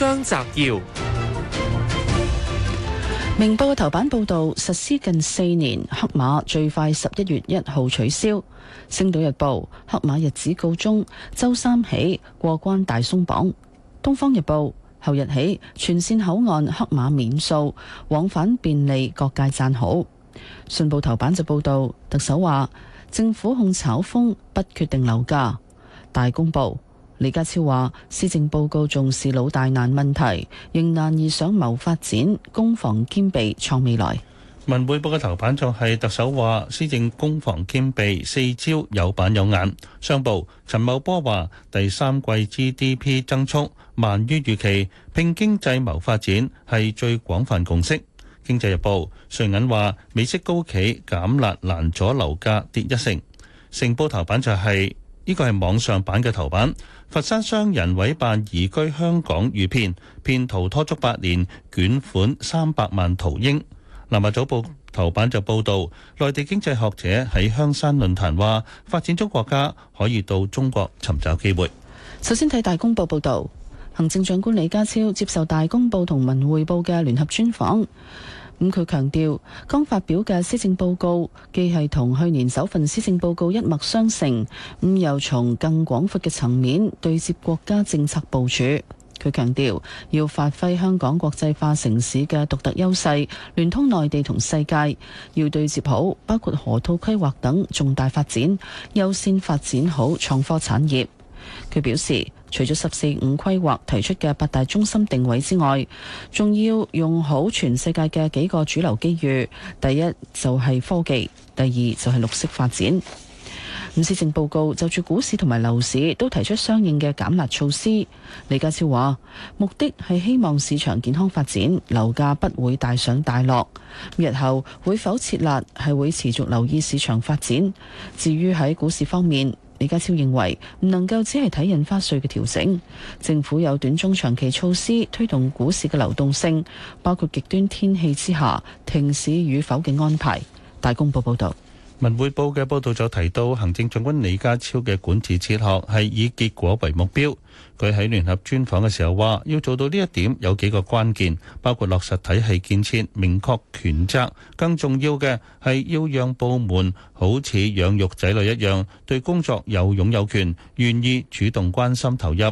張澤堯，《明報》頭版報道，實施近四年，黑馬最快十一月一號取消。《星島日報》黑馬日子告終，周三起過關大鬆綁。《東方日報》後日起全線口岸黑馬免數，往返便利，各界讚好。《信報》頭版就報道，特首話政府控炒風，不決定樓價。《大公報》。李家超話：施政報告重視老大難問題，仍難以想謀發展，攻防兼備，創未來。文匯報嘅頭版就係特首話施政攻防兼備四招，有板有眼。商報陳茂波話：第三季 GDP 增速慢於預期，拼經濟謀發展係最廣泛共識。經濟日報瑞銀話：美息高企減辣，難阻樓價跌一成。成報頭版就係呢個係網上版嘅頭版。佛山商人委辦移居香港遇騙，騙徒拖足八年，捲款三百萬逃英。《南華早報》頭版就報導，內地經濟學者喺香山論壇話，發展中國家可以到中國尋找機會。首先睇《大公報》報導，行政長官李家超接受《大公報》同《文匯報》嘅聯合專訪。咁佢、嗯、強調剛發表嘅施政報告既係同去年首份施政報告一脈相承，咁、嗯、又從更廣闊嘅層面對接國家政策部署。佢強調要發揮香港國際化城市嘅獨特優勢，聯通內地同世界，要對接好包括河套規劃等重大發展，優先發展好創科產業。佢表示，除咗十四五規劃提出嘅八大中心定位之外，仲要用好全世界嘅幾個主流機遇。第一就係科技，第二就係綠色發展。唔，施政報告就住股市同埋樓市都提出相應嘅減壓措施。李家超話，目的係希望市場健康發展，樓價不會大上大落。日後會否設立係會持續留意市場發展。至於喺股市方面，李家超認為唔能夠只係睇印花稅嘅調整，政府有短中長期措施推動股市嘅流動性，包括極端天氣之下停市與否嘅安排。大公報報道。文匯報嘅報道就提到，行政長官李家超嘅管治哲學係以結果為目標。佢喺聯合專訪嘅時候話，要做到呢一點有幾個關鍵，包括落實體系建設、明確權責。更重要嘅係要讓部門好似養育仔女一樣，對工作有勇有權，願意主動關心投入。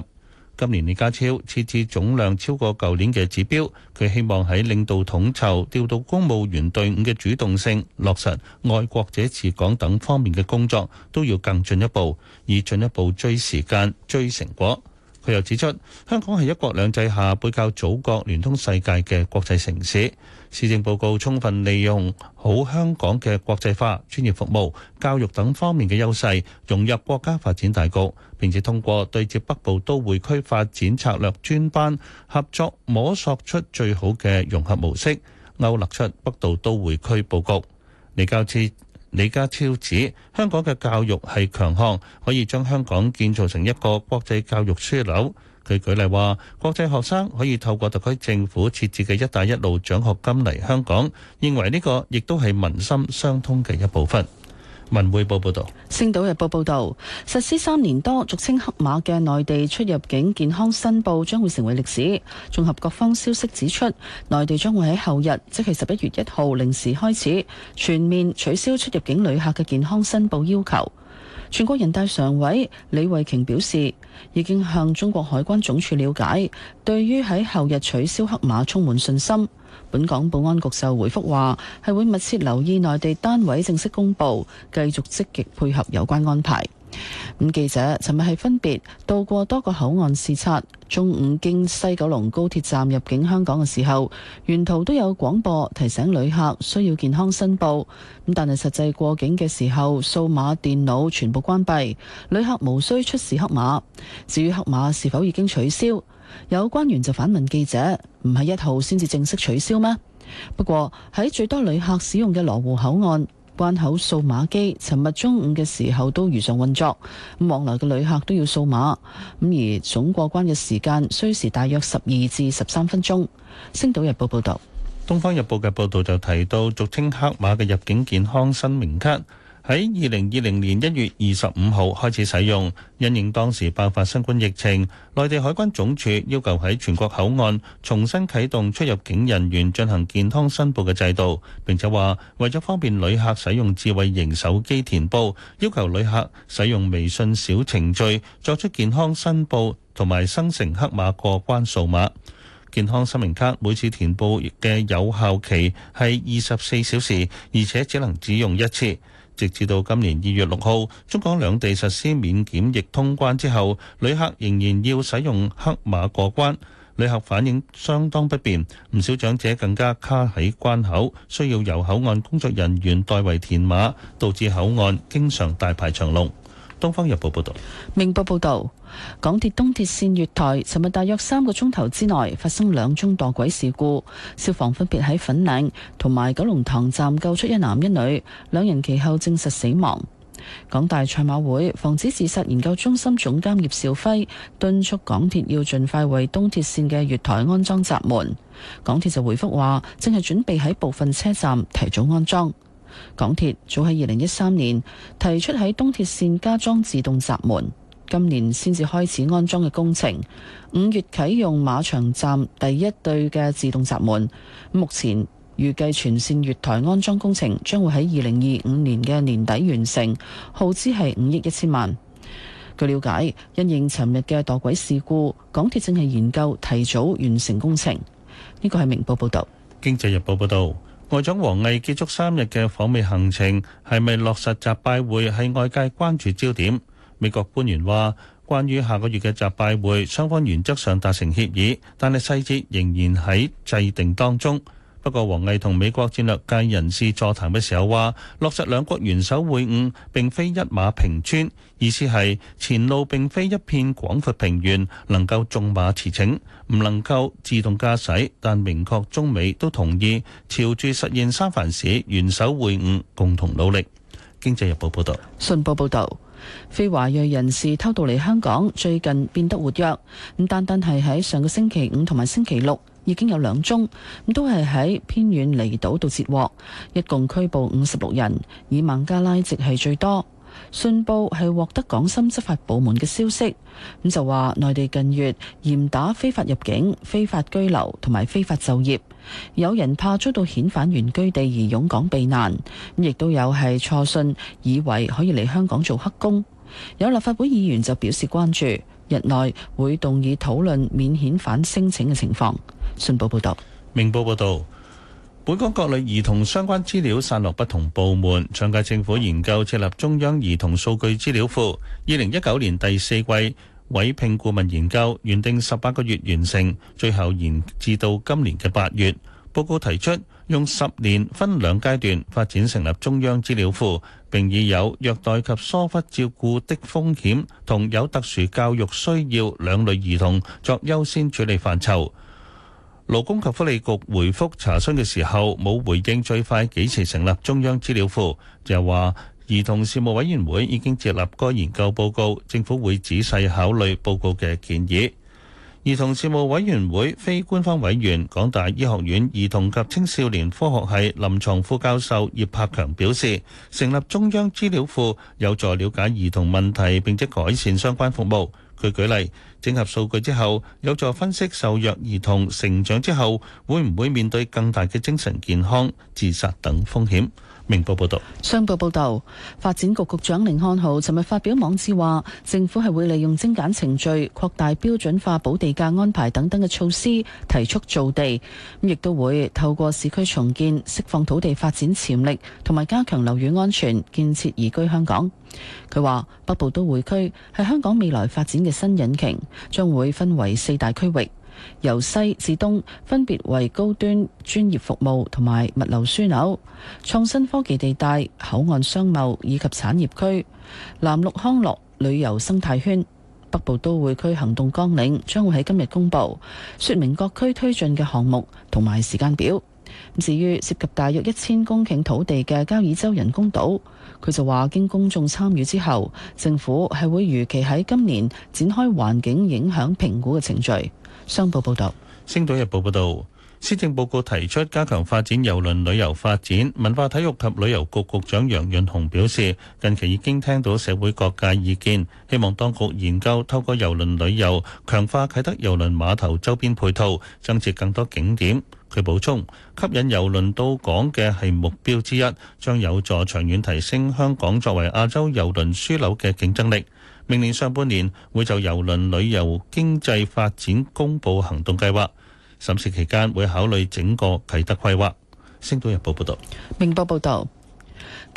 今年李家超設置總量超過舊年嘅指標，佢希望喺領導統籌、調度公務員隊伍嘅主動性、落實愛國者治港等方面嘅工作，都要更進一步，以進一步追時間、追成果。佢又指出，香港係一國兩制下背靠祖國聯通世界嘅國際城市。市政報告充分利用好香港嘅國際化、專業服務、教育等方面嘅優勢融入國家發展大局，並且通過對接北部都會區發展策略專班合作，摸索出最好嘅融合模式，勾勒出北部都會區佈局。李家超，李家超指香港嘅教育係強項，可以將香港建造成一個國際教育樞紐。佢舉例話，國際學生可以透過特區政府設置嘅“一帶一路”獎學金嚟香港，認為呢個亦都係民心相通嘅一部分。文匯報報道，星島日報報道，實施三年多，俗稱黑碼嘅內地出入境健康申報將會成為歷史。綜合各方消息指出，內地將會喺後日，即係十一月一號零時開始，全面取消出入境旅客嘅健康申報要求。全國人大常委李慧瓊表示，已經向中國海關總署了解，對於喺後日取消黑碼充滿信心。本港保安局就回覆話，係會密切留意內地單位正式公布，繼續積極配合有關安排。咁、嗯、記者尋日係分別到過多個口岸視察，中午經西九龍高鐵站入境香港嘅時候，沿途都有廣播提醒旅客需要健康申報。咁但係實際過境嘅時候，數碼電腦全部關閉，旅客無需出示黑碼。至於黑碼是否已經取消？有關員就反問記者：「唔係一號先至正式取消咩？」不過喺最多旅客使用嘅羅湖口岸關口數碼機，掃碼機尋日中午嘅時候都如常運作，咁往來嘅旅客都要掃碼，咁而總過關嘅時間需時大約十二至十三分鐘。星島日報報道，東方日報嘅報道就提到俗稱黑碼嘅入境健康申明卡。喺二零二零年一月二十五號開始使用，因應當時爆發新冠疫情，內地海關總署要求喺全國口岸重新啟動出入境人員進行健康申報嘅制度。並且話為咗方便旅客使用智慧型手機填報，要求旅客使用微信小程序作出健康申報同埋生成黑碼過關數碼。健康申明卡每次填報嘅有效期係二十四小時，而且只能只用一次。直至到今年二月六號，中港兩地實施免檢疫通關之後，旅客仍然要使用黑碼過關，旅客反應相當不便，唔少長者更加卡喺關口，需要由口岸工作人員代為填碼，導致口岸經常大排長龍。東方日報報道，明報報道，港鐵東鐵綫月台尋日大約三個鐘頭之內發生兩宗墮軌事故，消防分別喺粉嶺同埋九龍塘站救出一男一女，兩人其後證實死亡。港大賽馬會防止自殺研究中心總監葉兆輝敦促港鐵要盡快為東鐵綫嘅月台安裝閘門，港鐵就回覆話正係準備喺部分車站提早安裝。港鐵早喺二零一三年提出喺東鐵綫加裝自動閘門，今年先至開始安裝嘅工程。五月啟用馬場站第一對嘅自動閘門，目前預計全線月台安裝工程將會喺二零二五年嘅年底完成，耗資係五億一千萬。據了解，因應尋日嘅墮軌事故，港鐵正係研究提早完成工程。呢個係明報報道。經濟日報報道。外長王毅結束三日嘅訪美行程，係咪落實習拜會，係外界關注焦點？美國官員話，關於下個月嘅習拜會，雙方原則上達成協議，但係細節仍然喺制定當中。不過，王毅同美國戰略界人士座談嘅時候話，落實兩國元首會晤並非一馬平川，意思係前路並非一片廣闊平原，能夠縱馬馳騁，唔能夠自動駕駛，但明確中美都同意朝住實現三藩市元首會晤共同努力。經濟日報報道。信報報道，非華裔人士偷渡嚟香港最近變得活躍，唔單單係喺上個星期五同埋星期六。已經有兩宗，都係喺偏遠離島度截獲，一共拘捕五十六人，以孟加拉籍係最多。信報係獲得港深執法部門嘅消息，咁就話內地近月嚴打非法入境、非法居留同埋非法就業，有人怕遭到遣返原居地而湧港避難，亦都有係錯信以為可以嚟香港做黑工。有立法會議員就表示關注，日內會動議討論免遣返申請嘅情況。信報報道，明報報道，本港各類兒童相關資料散落不同部門，上屆政府研究設立中央兒童數據資料庫。二零一九年第四季委聘顧問研究，原定十八個月完成，最後延至到今年嘅八月。報告提出用十年分兩階段發展成立中央資料庫，並以有虐待及疏忽照顧的風險同有特殊教育需要兩類兒童作優先處理範疇。勞工及福利局回覆查詢嘅時候，冇回應最快幾時成立中央資料庫，就係話兒童事務委員會已經接納該研究報告，政府會仔細考慮報告嘅建議。兒童事務委員會非官方委員港大醫學院兒童及青少年科學系臨床副教授葉柏強表示，成立中央資料庫有助了解兒童問題並且改善相關服務。佢舉例，整合數據之後，有助分析受虐兒童成長之後，會唔會面對更大嘅精神健康、自殺等風險。明報報道，商報報道，發展局局長凌漢豪尋日發表網誌話，政府係會利用精簡程序、擴大標準化補地價安排等等嘅措施，提速造地，亦都會透過市區重建釋放土地發展潛力，同埋加強樓宇安全，建設宜居香港。佢話北部都會區係香港未來發展嘅新引擎，將會分為四大區域。由西至東，分別為高端專業服務同埋物流樞紐、創新科技地帶、口岸商貿以及產業區、藍綠康樂旅遊生態圈。北部都會區行動綱領將會喺今日公布，說明各區推進嘅項目同埋時間表。至於涉及大約一千公頃土地嘅交椅洲人工島。佢就話：經公眾參與之後，政府係會如期喺今年展開環境影響評估嘅程序。商報報道，《星島日報》報道，施政報告提出加強發展郵輪旅遊發展，文化體育及旅遊局局長楊潤雄表示，近期已經聽到社會各界意見，希望當局研究透過郵輪旅遊強化啟德郵輪碼頭周邊配套，增設更多景點。佢補充，吸引郵輪到港嘅係目標之一，將有助長遠提升香港作為亞洲郵輪樞紐嘅競爭力。明年上半年會就郵輪旅遊經濟發展公佈行動計劃，審視期間會考慮整個啟德規劃。星島日報報道。明報報道。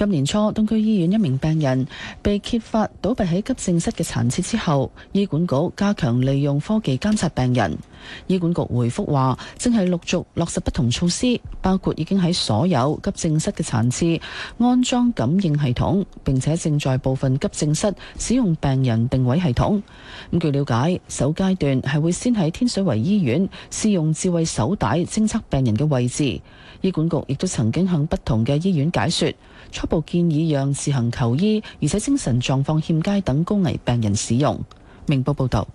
今年初，東區醫院一名病人被揭發倒斃喺急症室嘅殘廁之後，醫管局加強利用科技監察病人。醫管局回覆話正係陸續落實不同措施，包括已經喺所有急症室嘅殘廁安裝感應系統，並且正在部分急症室使用病人定位系統。咁據，了解，首階段係會先喺天水圍醫院試用智慧手帶偵測病人嘅位置。醫管局亦都曾經向不同嘅醫院解説，初步建議讓自行求醫而且精神狀況欠佳等高危病人使用。明報報導。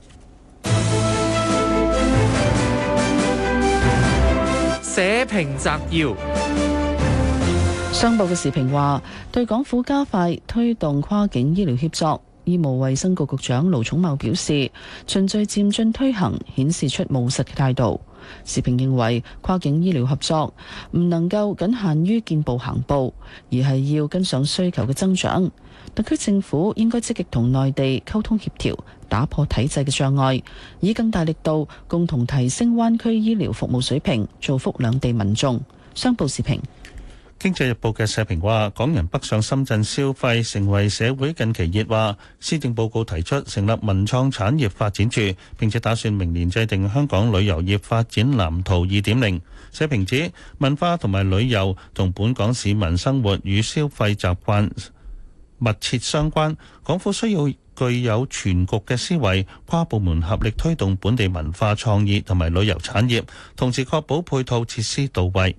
社評摘要：商報嘅時評話，對港府加快推動跨境醫療協作，醫務衛生局局長盧寵茂表示，循序漸進推行，顯示出務實嘅態度。時評認為跨境醫療合作唔能夠僅限於見步行步，而係要跟上需求嘅增長。特區政府應該積極同內地溝通協調，打破體制嘅障礙，以更大力度共同提升灣區醫療服務水平，造福兩地民眾。商報時評。經濟日報嘅社評話，港人北上深圳消費成為社會近期熱話。施政報告提出成立文創產業發展處，並且打算明年制定香港旅遊業發展藍圖二點零。社評指文化同埋旅遊同本港市民生活與消費習慣密切相關，港府需要具有全局嘅思維，跨部門合力推動本地文化創意同埋旅遊產業，同時確保配套設施到位。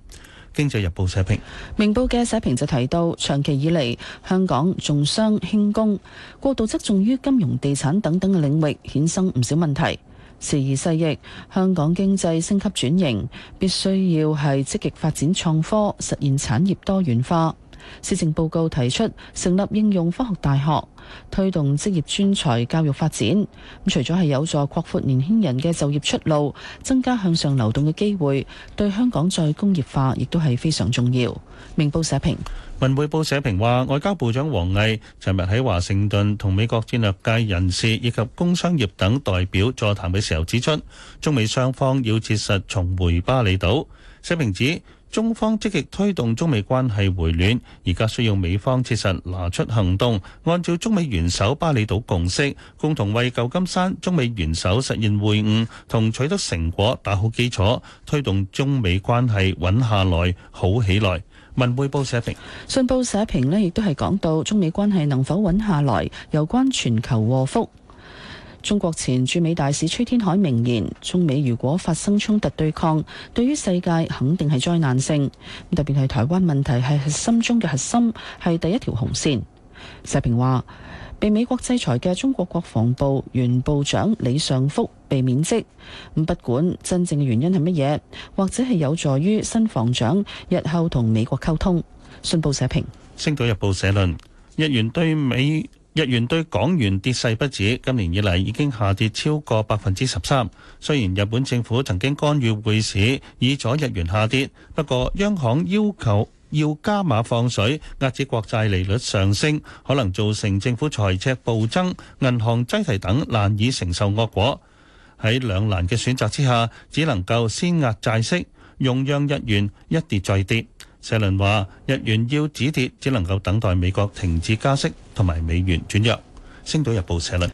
經濟日報社評。明報嘅社評就提到，長期以嚟香港重商輕工，過度側重於金融、地產等等嘅領域，衍生唔少問題。時移世易，香港經濟升級轉型，必須要係積極發展創科，實現產業多元化。施政報告提出,成立應用科學大學,推動職業專才教育發展,咁除咗係有助擴闊年輕人嘅就業出路,增加向上流動嘅機會,對香港再工業化亦都係非常重要。明報社評。文匯報社評話,外交部長王毅,尋日喺華盛頓同美國戰略界人士,以及工商業等代表座談嘅時候指出,中美雙方要切實重回巴厘島。社評指,中方積極推動中美關係回暖，而家需要美方切實拿出行動，按照中美元首巴厘島共識，共同為舊金山中美元首實現會晤同取得成果打好基礎，推動中美關係穩下來、好起來。文匯報社評。信報社評呢，亦都係講到中美關係能否穩下來，有關全球禍福。中國前駐美大使崔天凱明言：中美如果發生衝突對抗，對於世界肯定係災難性。特別係台灣問題係核心中嘅核心，係第一條紅線。社評話：被美國制裁嘅中國國防部原部長李尚福被免職。咁不管真正嘅原因係乜嘢，或者係有助於新防長日後同美國溝通。信報社評，星島日報社論：日元對美日元對港元跌勢不止，今年以嚟已經下跌超過百分之十三。雖然日本政府曾經干預匯市以阻日元下跌，不過央行要求要加碼放水，壓制國債利率上升，可能造成政府財赤暴增、銀行擠提等難以承受惡果。喺兩難嘅選擇之下，只能夠先壓債息，用讓日元一跌再跌。社論話：日元要止跌，只能夠等待美國停止加息同埋美元轉弱。《星島日報》社論。